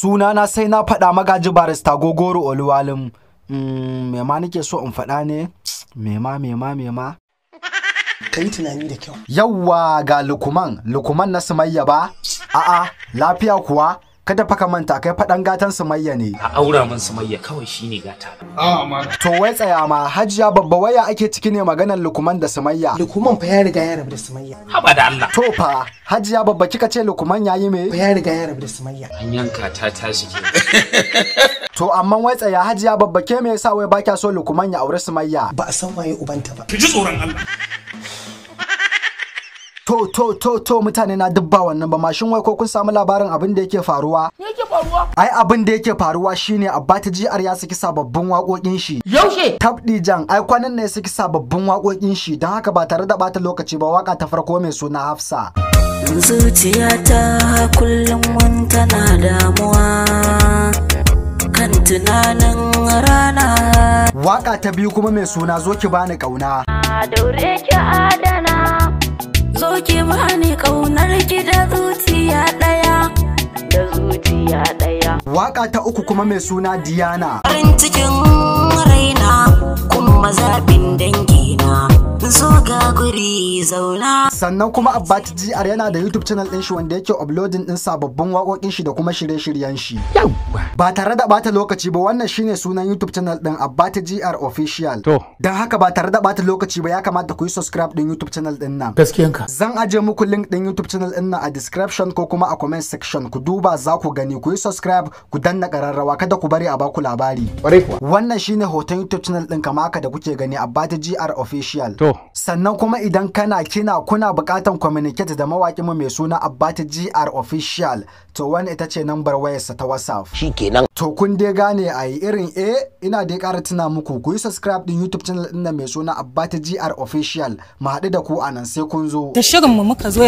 suna na sai na faɗa magaji barista gogoro oluwalin mm, me ma nake so in faɗa ne me ma me ma me ma ka tunani da kyau yawwa ga lukuman lukuman na sumayya ba a'a lafiya kuwa kada fa ka manta kai faɗan gatan sumayya ne a aura min sumayya kawai shine gata to wai tsaya ma hajiya babba waya ake ciki ne maganar lukuman da sumayya lukuman fa ya riga ya rabu da sumayya haba da Allah to fa hajiya babba kika ce lukuman yayi me fa ya riga ya rabu da sumayya an yanka ta tashi to amma wai tsaya hajiya babba ke me yasa wai ba kya so lukuman ya aure sumayya ba a san waye ubanta ba ki ji tsoron Allah to to to to mutane na dubba wannan ba mashin wai ko kun samu labarin abin da yake faruwa me yake faruwa ai abin da yake faruwa shine abba ta jr ya saki sababbin wakokin shi yaushe tabdi jan ai kwanan ne ya saki sababbin wakokin shi dan haka ba tare da bata lokaci ba waka ta farko mai suna hafsa zuciyata kullum mun tana damuwa kan tunanin rana. Waka ta biyu kuma mai suna zo ki bani kauna. Daure ki adana ke bani kaunar ki da zuciya daya da zuciya daya waka ta uku kuma mai suna Diana farin cikin raina kuma zabin dangina Sannan kuma Abbat GR yana da YouTube channel ɗin shi wanda yake uploading ɗin sababbin waƙoƙin shi da kuma shirye-shiryen shi. Ba tare da bata lokaci ba wannan shine sunan YouTube channel ɗin Abbat GR official. To. Don haka ba tare da bata lokaci ba ya kamata ku yi subscribe ɗin YouTube channel ɗin nan. Gaskiyanka. Zan aje muku link ɗin YouTube channel ɗin nan a description ko kuma a comment section ku duba za ku gani ku yi subscribe ku danna ƙararrawa kada ku bari a baku labari. Wannan shine hoton YouTube channel ɗin kama haka da kuke gani Abbat GR official. To. Sannan kuma idan kana kina kuna bukatan communicate da mawaƙin mu mai suna Abbata GR official to wani ita ce wayar wayarsa ta WhatsApp. Shikenan. To kun dai gane a yi irin eh ina dai ƙara tuna muku ku yi subscribe din YouTube channel da mai suna Abbata GR official mu haɗu da ku a nan sai kun zo. Da shirin mu muka zo